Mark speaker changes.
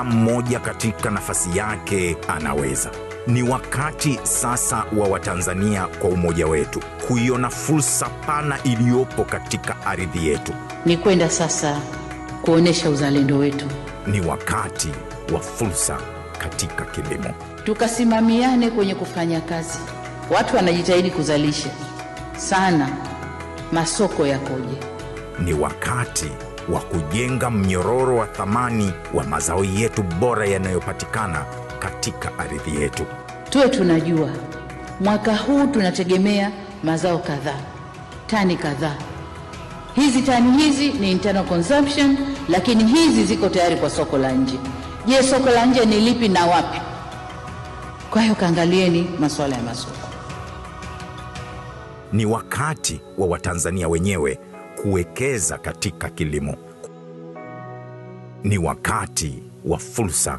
Speaker 1: kila mmoja katika nafasi yake anaweza. Ni wakati sasa wa Watanzania kwa umoja wetu kuiona fursa pana iliyopo katika ardhi yetu.
Speaker 2: Ni kwenda sasa kuonyesha uzalendo wetu.
Speaker 1: Ni wakati wa fursa katika kilimo.
Speaker 2: Tukasimamiane kwenye kufanya kazi. Watu wanajitahidi kuzalisha sana, masoko yakoje?
Speaker 1: Ni wakati wa kujenga mnyororo wa thamani wa mazao yetu bora yanayopatikana katika ardhi yetu.
Speaker 2: Tuwe tunajua mwaka huu tunategemea mazao kadhaa, tani kadhaa. Hizi tani hizi ni internal consumption, lakini hizi ziko tayari kwa soko la nje. Je, soko la nje ni lipi na wapi? Kwa hiyo kaangalieni masuala ya masoko.
Speaker 1: Ni wakati wa Watanzania wenyewe kuwekeza katika kilimo. Ni wakati wa fursa